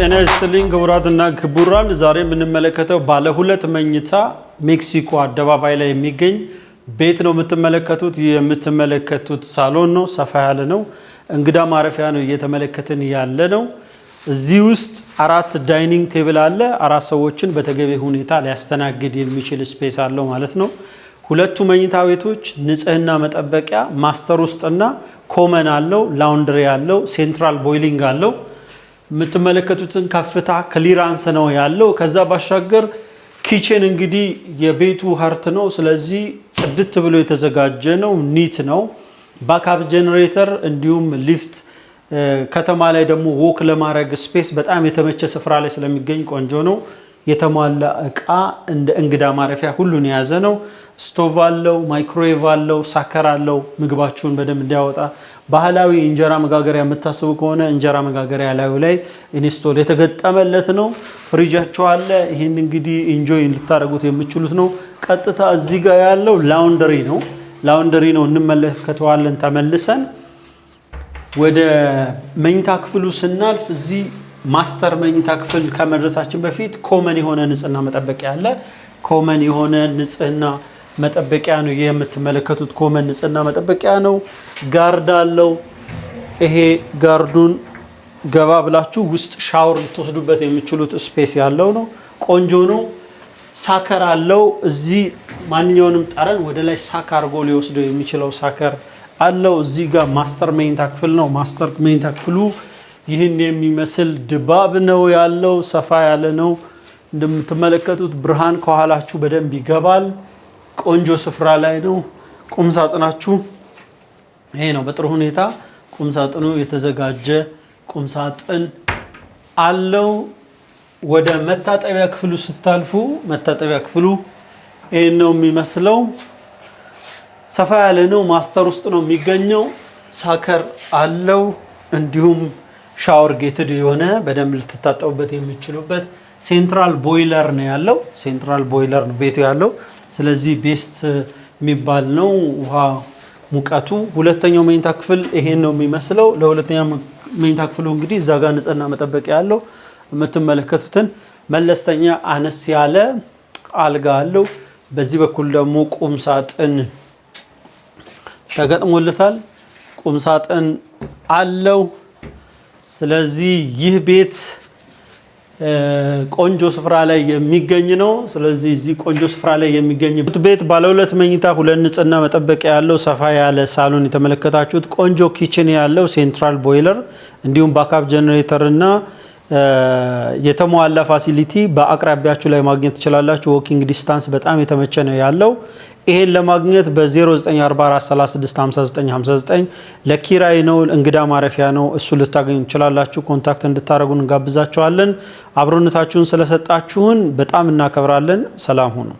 ጤና ይስጥልኝ ክቡራትና ክቡራን፣ ዛሬ የምንመለከተው ባለ ሁለት መኝታ ሜክሲኮ አደባባይ ላይ የሚገኝ ቤት ነው የምትመለከቱት። የምትመለከቱት ሳሎን ነው፣ ሰፋ ያለ ነው። እንግዳ ማረፊያ ነው እየተመለከትን ያለ ነው። እዚህ ውስጥ አራት ዳይኒንግ ቴብል አለ። አራት ሰዎችን በተገቢ ሁኔታ ሊያስተናግድ የሚችል ስፔስ አለው ማለት ነው። ሁለቱ መኝታ ቤቶች ንጽህና መጠበቂያ ማስተር ውስጥና ኮመን አለው፣ ላውንድሪ አለው፣ ሴንትራል ቦይሊንግ አለው። የምትመለከቱትን ከፍታ ክሊራንስ ነው ያለው። ከዛ ባሻገር ኪችን እንግዲህ የቤቱ ሀርት ነው። ስለዚህ ጽድት ብሎ የተዘጋጀ ነው፣ ኒት ነው። ባካፕ ጄኔሬተር እንዲሁም ሊፍት ከተማ ላይ ደግሞ ዎክ ለማድረግ ስፔስ በጣም የተመቸ ስፍራ ላይ ስለሚገኝ ቆንጆ ነው። የተሟላ እቃ እንደ እንግዳ ማረፊያ ሁሉን የያዘ ነው። ስቶቭ አለው፣ ማይክሮዌቭ አለው፣ ሳከር አለው። ምግባችሁን በደንብ እንዲያወጣ ባህላዊ እንጀራ መጋገሪያ የምታስቡ ከሆነ እንጀራ መጋገሪያ ላዩ ላይ ኢንስቶል የተገጠመለት ነው። ፍሪጃቸው አለ። ይህን እንግዲህ ኢንጆይ ልታደርጉት የምችሉት ነው። ቀጥታ እዚህ ጋር ያለው ላውንደሪ ነው። ላውንደሪ ነው እንመለከተዋለን ተመልሰን። ወደ መኝታ ክፍሉ ስናልፍ እዚህ ማስተር መኝታ ክፍል ከመድረሳችን በፊት ኮመን የሆነ ንጽህና መጠበቂያ አለ። ኮመን የሆነ ንጽህና መጠበቂያ ነው። ይህ የምትመለከቱት ኮመን ንጽህና መጠበቂያ ነው። ጋርድ አለው። ይሄ ጋርዱን ገባ ብላችሁ ውስጥ ሻወር ልትወስዱበት የሚችሉት ስፔስ ያለው ነው። ቆንጆ ነው። ሳከር አለው። እዚህ ማንኛውንም ጠረን ወደ ላይ ሳክ አድርጎ ሊወስደው የሚችለው ሳከር አለው። እዚህ ጋር ማስተር መኝታ ክፍል ነው። ማስተር መኝታ ክፍሉ ይህን የሚመስል ድባብ ነው ያለው። ሰፋ ያለ ነው እንደምትመለከቱት። ብርሃን ከኋላችሁ በደንብ ይገባል። ቆንጆ ስፍራ ላይ ነው። ቁም ሳጥናችሁ ይሄ ነው። በጥሩ ሁኔታ ቁም ሳጥኑ የተዘጋጀ ቁም ሳጥን አለው። ወደ መታጠቢያ ክፍሉ ስታልፉ መታጠቢያ ክፍሉ ይህን ነው የሚመስለው። ሰፋ ያለ ነው። ማስተር ውስጥ ነው የሚገኘው። ሳከር አለው እንዲሁም ሻወር ጌትድ የሆነ በደንብ ልትታጠቡበት የሚችሉበት ሴንትራል ቦይለር ነው ያለው። ሴንትራል ቦይለር ነው ቤቱ ያለው። ስለዚህ ቤስት የሚባል ነው ውሃ ሙቀቱ። ሁለተኛው መኝታ ክፍል ይሄን ነው የሚመስለው። ለሁለተኛ መኝታ ክፍሉ እንግዲህ እዛ ጋር ንጽህና መጠበቂያ ያለው የምትመለከቱትን መለስተኛ አነስ ያለ አልጋ አለው። በዚህ በኩል ደግሞ ቁም ሳጥን ተገጥሞለታል። ቁም ሳጥን አለው። ስለዚህ ይህ ቤት ቆንጆ ስፍራ ላይ የሚገኝ ነው። ስለዚህ እዚህ ቆንጆ ስፍራ ላይ የሚገኝ ቤት ባለ ሁለት መኝታ ሁለት ንጽህና መጠበቂያ ያለው ሰፋ ያለ ሳሎን የተመለከታችሁት፣ ቆንጆ ኪችን ያለው ሴንትራል ቦይለር እንዲሁም ባካፕ ጀኔሬተር እና የተሟላ ፋሲሊቲ በአቅራቢያችሁ ላይ ማግኘት ትችላላችሁ። ወኪንግ ዲስታንስ በጣም የተመቸ ነው ያለው። ይሄን ለማግኘት በ0944365959 ለኪራይ ነው፣ እንግዳ ማረፊያ ነው። እሱ ልታገኙ ትችላላችሁ። ኮንታክት እንድታደረጉን እንጋብዛችኋለን። አብሮነታችሁን ስለሰጣችሁን በጣም እናከብራለን። ሰላም ሁኑ።